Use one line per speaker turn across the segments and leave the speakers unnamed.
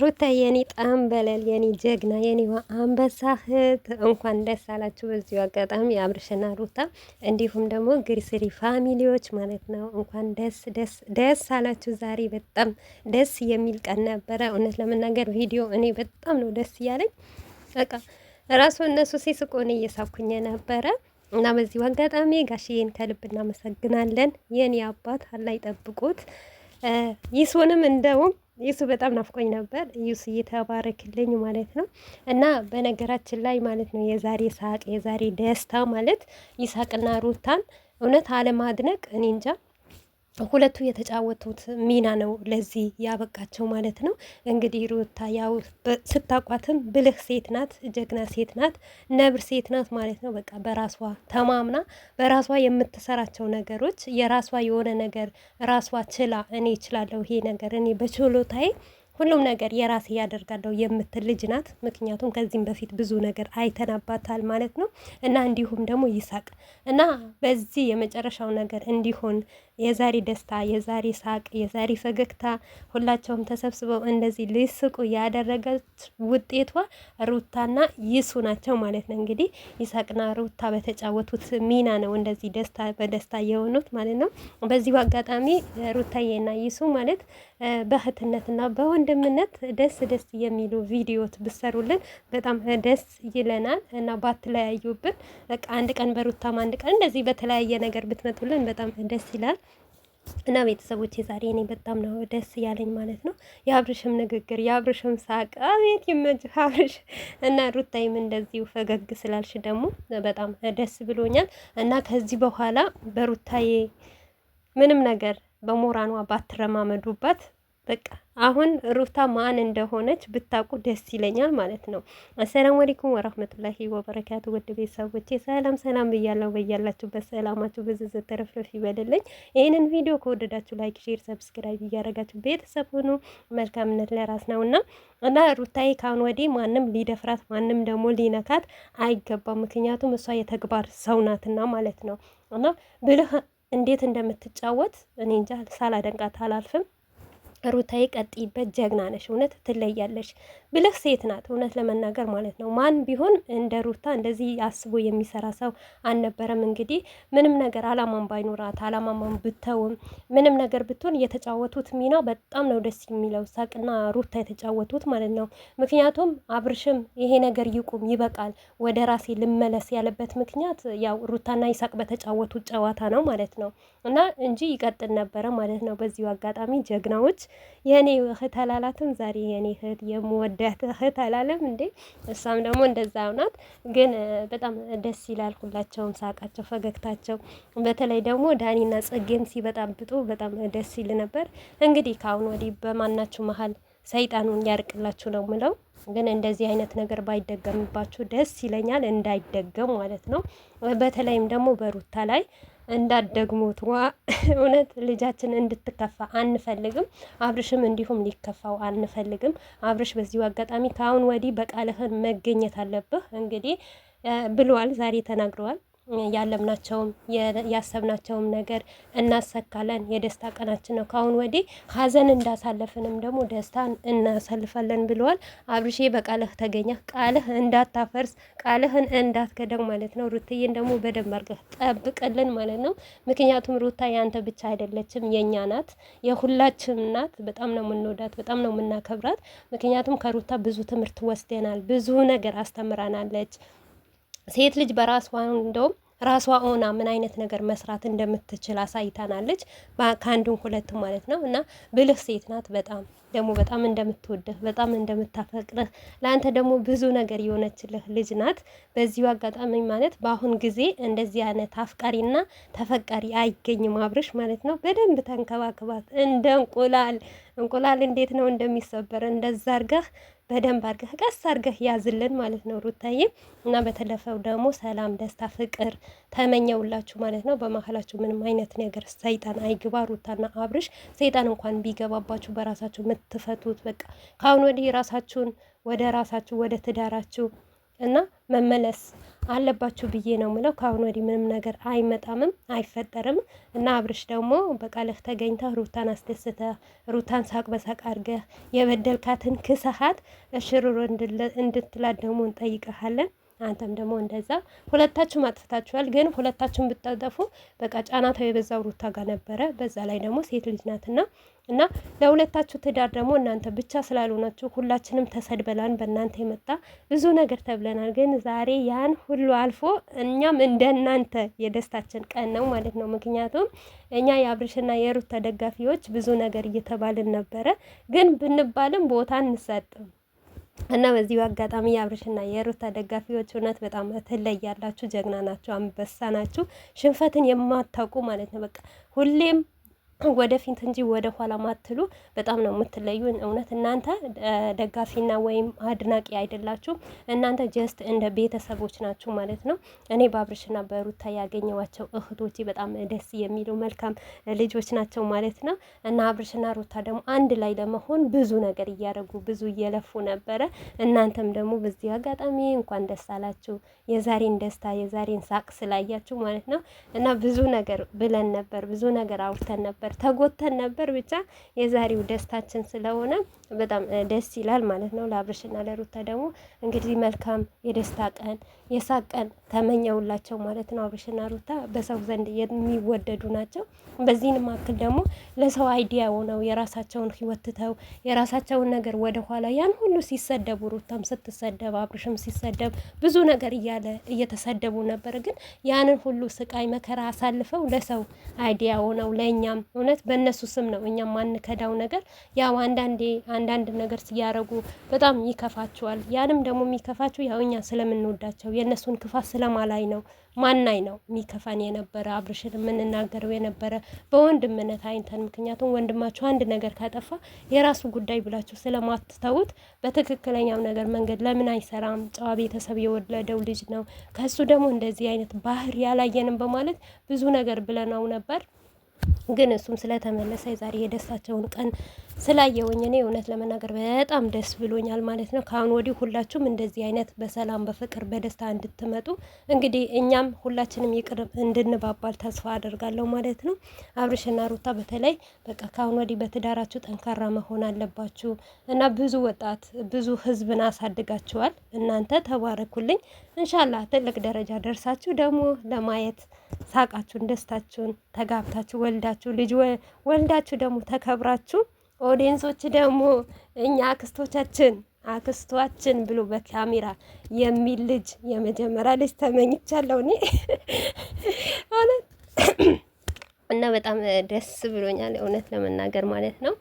ሩታ የኔ ጠንበለል የኔ ጀግና የኔ አንበሳ እህት እንኳን ደስ አላችሁ። በዚሁ አጋጣሚ አብርሽና ሩታ እንዲሁም ደግሞ ግሪስሪ ፋሚሊዎች ማለት ነው እንኳን ደስ ደስ ደስ አላችሁ። ዛሬ በጣም ደስ የሚል ቀን ነበረ። እውነት ለመናገር ቪዲዮ እኔ በጣም ነው ደስ እያለኝ በቃ ራሱ እነሱ ሲስቁ እኔ እየሳኩኝ ነበረ። እና በዚሁ አጋጣሚ ጋሽዬን ከልብ እናመሰግናለን። የኔ አባት አላህ ይጠብቁት ይሱንም እንደውም እሱ በጣም ናፍቆኝ ነበር። እዩስ እየተባረክልኝ ማለት ነው። እና በነገራችን ላይ ማለት ነው የዛሬ ሳቅ የዛሬ ደስታ ማለት ይሳቅና ሩታን እውነት አለማድነቅ እኔ እንጃ። ሁለቱ የተጫወቱት ሚና ነው ለዚህ ያበቃቸው ማለት ነው። እንግዲህ ሩታ ያው ስታቋትም ብልህ ሴት ናት፣ ጀግና ሴት ናት፣ ነብር ሴት ናት ማለት ነው። በቃ በራሷ ተማምና በራሷ የምትሰራቸው ነገሮች የራሷ የሆነ ነገር ራሷ ችላ እኔ እችላለሁ ይሄ ነገር እኔ በችሎታዬ ሁሉም ነገር የራሴ ያደርጋለሁ የምትል ልጅ ናት። ምክንያቱም ከዚህም በፊት ብዙ ነገር አይተናባታል ማለት ነው እና እንዲሁም ደግሞ ይሳቅ እና በዚህ የመጨረሻው ነገር እንዲሆን የዛሬ ደስታ፣ የዛሬ ሳቅ፣ የዛሬ ፈገግታ ሁላቸውም ተሰብስበው እንደዚህ ሊስቁ ያደረገች ውጤቷ ሩታና ይሱ ናቸው ማለት ነው። እንግዲህ ይሳቅና ሩታ በተጫወቱት ሚና ነው እንደዚህ ደስታ በደስታ የሆኑት ማለት ነው። በዚሁ አጋጣሚ ሩታዬና ይሱ ማለት በእህትነትና በወንድ በወንድምነት ደስ ደስ የሚሉ ቪዲዮት ብሰሩልን በጣም ደስ ይለናል እና ባትለያዩብን፣ በቃ አንድ ቀን በሩታም አንድ ቀን እንደዚህ በተለያየ ነገር ብትመጡልን በጣም ደስ ይላል። እና ቤተሰቦች የዛሬ እኔ በጣም ነው ደስ ያለኝ ማለት ነው። የአብርሽም ንግግር የአብርሽም ሳቅ አቤት ይመችህ አብርሽ። እና ሩታይም እንደዚሁ ፈገግ ስላልሽ ደግሞ በጣም ደስ ብሎኛል። እና ከዚህ በኋላ በሩታዬ ምንም ነገር በሞራኗ ባትረማመዱባት በቃ አሁን ሩታ ማን እንደሆነች ብታውቁ ደስ ይለኛል ማለት ነው። አሰላሙ አለይኩም ወራህመቱላሂ ወበረካቱ ውድ ቤተሰቦቼ ሰላም ሰላም ብያለሁ። በያላችሁበት ሰላማችሁ ብዝዝ ተረፍረፍ ይበልልኝ። ይህንን ቪዲዮ ከወደዳችሁ ላይክ፣ ሼር፣ ሰብስክራይብ እያደረጋችሁ ቤተሰብ ሆኑ። መልካምነት ለራስ ነው እና እና ሩታዬ ካሁን ወዲህ ማንም ሊደፍራት ማንም ደግሞ ሊነካት አይገባም። ምክንያቱም እሷ የተግባር ሰው ናትና ማለት ነው እና ብልህ እንዴት እንደምትጫወት እኔ እንጃ ሳላደንቃት አላልፍም። ሩታዬ ቀጥይበት፣ ጀግና ነሽ፣ እውነት ትለያለሽ ብለህ ሴት ናት እውነት ለመናገር ማለት ነው። ማን ቢሆን እንደ ሩታ እንደዚህ አስቦ የሚሰራ ሰው አልነበረም። እንግዲህ ምንም ነገር አላማን ባይኖራት አላማማን ብተውም ምንም ነገር ብትሆን የተጫወቱት ሚና በጣም ነው ደስ የሚለው ሳቅና ሩታ የተጫወቱት ማለት ነው። ምክንያቱም አብርሽም ይሄ ነገር ይቁም፣ ይበቃል፣ ወደ ራሴ ልመለስ ያለበት ምክንያት ያው ሩታና ይሳቅ በተጫወቱት ጨዋታ ነው ማለት ነው እና እንጂ ይቀጥል ነበረ ማለት ነው። በዚሁ አጋጣሚ ጀግናዎች የኔ እህት አላላትም። ዛሬ የኔ እህት የምወዳት እህት አላለም እንዴ? እሷም ደግሞ እንደዛ ናት። ግን በጣም ደስ ይላል። ሁላቸውም ሳቃቸው፣ ፈገግታቸው በተለይ ደግሞ ዳኒና ጽጌም ሲበጣብጡ በጣም ደስ ይል ነበር። እንግዲህ ከአሁን ወዲህ በማናችሁ መሀል ሰይጣኑን ያርቅላችሁ ነው ምለው። ግን እንደዚህ አይነት ነገር ባይደገምባችሁ ደስ ይለኛል፣ እንዳይደገም ማለት ነው። በተለይም ደግሞ በሩታ ላይ እንዳትደግሙት። ዋ እውነት ልጃችን እንድትከፋ አንፈልግም። አብርሽም እንዲሁም ሊከፋው አንፈልግም። አብርሽ በዚሁ አጋጣሚ ከአሁን ወዲህ በቃልህን መገኘት አለብህ እንግዲህ ብሏል፣ ዛሬ ተናግረዋል። ያለምናቸውም ያሰብናቸውም ነገር እናሰካለን። የደስታ ቀናችን ነው። ከአሁን ወዲህ ሀዘን እንዳሳለፍንም ደግሞ ደስታን እናሳልፋለን ብለዋል። አብርሼ በቃልህ ተገኘ። ቃልህ እንዳታፈርስ፣ ቃልህን እንዳትከደግ ማለት ነው። ሩትዬን ደግሞ በደንብ አድርገህ ጠብቅልን ማለት ነው። ምክንያቱም ሩታ ያንተ ብቻ አይደለችም፣ የእኛ ናት፣ የሁላችም ናት። በጣም ነው የምንወዳት፣ በጣም ነው የምናከብራት። ምክንያቱም ከሩታ ብዙ ትምህርት ወስደናል፣ ብዙ ነገር አስተምራናለች። ሴት ልጅ በራሷ እንደውም ራሷ ሆና ምን አይነት ነገር መስራት እንደምትችል አሳይታናለች። ከአንዱን ሁለት ማለት ነው። እና ብልህ ሴት ናት። በጣም ደግሞ በጣም እንደምትወድህ በጣም እንደምታፈቅርህ ለአንተ ደግሞ ብዙ ነገር የሆነችልህ ልጅ ናት። በዚሁ አጋጣሚ ማለት በአሁን ጊዜ እንደዚህ አይነት አፍቃሪና ተፈቃሪ አይገኝም አብርሽ ማለት ነው። በደንብ ተንከባክባት። እንደ እንቁላል እንቁላል እንዴት ነው እንደሚሰበር እንደዛ አድርገህ በደንብ አድርገህ ቀስ አድርገህ ያዝልን ማለት ነው ሩታዬ። እና በተለፈው ደግሞ ሰላም፣ ደስታ፣ ፍቅር ተመኘውላችሁ ማለት ነው። በመሀላችሁ ምንም አይነት ነገር ሰይጣን አይግባ። ሩታና አብርሽ ሰይጣን እንኳን ቢገባባችሁ በራሳችሁ የምትፈቱት በቃ ከአሁን ወዲህ ራሳችሁን ወደ ራሳችሁ ወደ ትዳራችሁ እና መመለስ አለባችሁ ብዬ ነው የምለው። ከአሁን ወዲህ ምንም ነገር አይመጣምም አይፈጠርም። እና አብርሽ ደግሞ በቃልህ ተገኝተህ ሩታን አስደስተህ ሩታን ሳቅ በሳቅ አድርገህ የበደልካትን ክሰሃት እሽሩሮ እንድትላት ደግሞ እንጠይቀሃለን። አንተም ደግሞ እንደዛ ሁለታችሁም አጥፍታችኋል። ግን ሁለታችሁም ብታጠፉ በቃ ጫናታው የበዛው ሩታ ጋር ነበረ። በዛ ላይ ደግሞ ሴት ልጅ ናትና እና ለሁለታችሁ ትዳር ደግሞ እናንተ ብቻ ስላልሆናችሁ ሁላችንም ተሰድበላን፣ በእናንተ የመጣ ብዙ ነገር ተብለናል። ግን ዛሬ ያን ሁሉ አልፎ እኛም እንደናንተ የደስታችን ቀን ነው ማለት ነው። ምክንያቱም እኛ የአብርሽና የሩት ተደጋፊዎች ብዙ ነገር እየተባልን ነበረ። ግን ብንባልም ቦታ እንሰጥም። እና በዚሁ አጋጣሚ የአብርሽና የሩታ ደጋፊዎች እውነት በጣም ትለያላችሁ። ጀግና ናችሁ፣ አንበሳ ናችሁ። ሽንፈትን የማታውቁ ማለት ነው። በቃ ሁሌም ወደፊት እንጂ ወደ ኋላ ማትሉ በጣም ነው የምትለዩ። እውነት እናንተ ደጋፊና ወይም አድናቂ አይደላችሁ እናንተ ጀስት እንደ ቤተሰቦች ናችሁ ማለት ነው። እኔ በአብርሽና በሩታ ያገኘዋቸው እህቶቼ በጣም ደስ የሚሉ መልካም ልጆች ናቸው ማለት ነው እና አብርሽና ሩታ ደግሞ አንድ ላይ ለመሆን ብዙ ነገር እያደረጉ ብዙ እየለፉ ነበረ። እናንተም ደግሞ በዚህ አጋጣሚ እንኳን ደስ አላችሁ። የዛሬን ደስታ የዛሬን ሳቅ ስላያችሁ ማለት ነው እና ብዙ ነገር ብለን ነበር፣ ብዙ ነገር አውርተን ነበር ነበር፣ ተጎተን ነበር። ብቻ የዛሬው ደስታችን ስለሆነ በጣም ደስ ይላል ማለት ነው። ለአብርሽና ለሩታ ደግሞ እንግዲህ መልካም የደስታ ቀን የሳቅ ቀን ተመኘውላቸው ማለት ነው። አብርሽና ሩታ በሰው ዘንድ የሚወደዱ ናቸው። በዚህን ማክል ደግሞ ለሰው አይዲያ ሆነው የራሳቸውን ህይወት ትተው የራሳቸውን ነገር ወደኋላ ያን ሁሉ ሲሰደቡ ሩታም ስትሰደብ አብርሽም ሲሰደብ ብዙ ነገር እያለ እየተሰደቡ ነበር። ግን ያንን ሁሉ ስቃይ መከራ አሳልፈው ለሰው አይዲያ ሆነው ለእኛም እውነት በእነሱ ስም ነው እኛ ማንከዳው ነገር። ያው አንዳንዴ አንዳንድ ነገር ሲያረጉ በጣም ይከፋቸዋል። ያንም ደግሞ የሚከፋቸው ያው እኛ ስለምንወዳቸው የእነሱን ክፋት ስለማላይ ነው ማናይ ነው የሚከፋን የነበረ አብርሽን የምንናገረው የነበረ በወንድምነት አይንተን። ምክንያቱም ወንድማችሁ አንድ ነገር ካጠፋ የራሱ ጉዳይ ብላችሁ ስለማትተውት በትክክለኛው ነገር መንገድ ለምን አይሰራም? ጨዋ ቤተሰብ የወለደው ልጅ ነው። ከሱ ደግሞ እንደዚህ አይነት ባህሪ ያላየንም በማለት ብዙ ነገር ብለነው ነበር። ግን እሱም ስለተመለሰ የዛሬ የደስታቸውን ቀን ስላየውኝ እኔ እውነት ለመናገር በጣም ደስ ብሎኛል ማለት ነው። ከአሁን ወዲህ ሁላችሁም እንደዚህ አይነት በሰላም በፍቅር በደስታ እንድትመጡ እንግዲህ እኛም ሁላችንም ይቅር እንድንባባል ተስፋ አደርጋለሁ ማለት ነው። አብርሽና ሩታ በተለይ በቃ ከአሁን ወዲህ በትዳራችሁ ጠንካራ መሆን አለባችሁ እና ብዙ ወጣት ብዙ ህዝብን አሳድጋችኋል። እናንተ ተባረኩልኝ። እንሻላ ትልቅ ደረጃ ደርሳችሁ ደግሞ ለማየት ሳቃችሁን፣ ደስታችሁን ተጋብታችሁ ወልዳችሁ ልጅ ወልዳችሁ ደግሞ ተከብራችሁ ኦዲየንሶች ደግሞ እኛ አክስቶቻችን አክስቷችን ብሎ በካሜራ የሚል ልጅ የመጀመሪያ ልጅ ተመኝቻለሁ እኔ እና በጣም ደስ ብሎኛል እውነት ለመናገር ማለት ነው።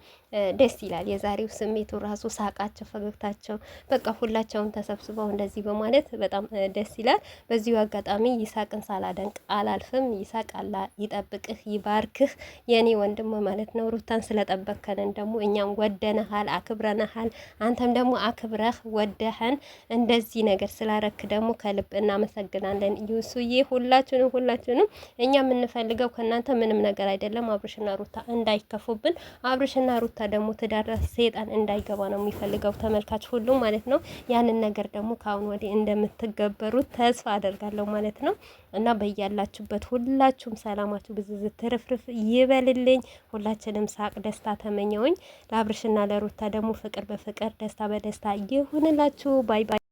ደስ ይላል። የዛሬው ስሜቱ ራሱ ሳቃቸው፣ ፈገግታቸው በቃ ሁላቸውም ተሰብስበው እንደዚህ በማለት በጣም ደስ ይላል። በዚሁ አጋጣሚ ይሳቅን ሳላደንቅ አላልፍም። ይሳቅ አላ ይጠብቅህ፣ ይባርክህ የኔ ወንድም ማለት ነው። ሩታን ስለጠበከንን ደግሞ እኛም ወደነሃል፣ አክብረነሃል። አንተም ደግሞ አክብረህ ወደህን እንደዚህ ነገር ስላረክ ደግሞ ከልብ እናመሰግናለን። ይሱዬ ሁላችሁንም ሁላችሁንም እኛ የምንፈልገው ከእናንተ ምንም ነገር አይደለም። አብርሽና ሩታ እንዳይከፉብን አብርሽና ሩታ ሩታ ደግሞ ትዳር ሰይጣን እንዳይገባ ነው የሚፈልገው ተመልካች ሁሉ ማለት ነው። ያንን ነገር ደግሞ ከአሁን ወዲህ እንደምትገበሩት ተስፋ አደርጋለሁ ማለት ነው እና በያላችሁበት ሁላችሁም ሰላማችሁ ብዝዝ ትርፍርፍ ይበልልኝ። ሁላችንም ሳቅ፣ ደስታ ተመኘውኝ። ለአብርሽና ለሩታ ደግሞ ፍቅር በፍቅር ደስታ በደስታ ይሁንላችሁ። ባይ ባይ።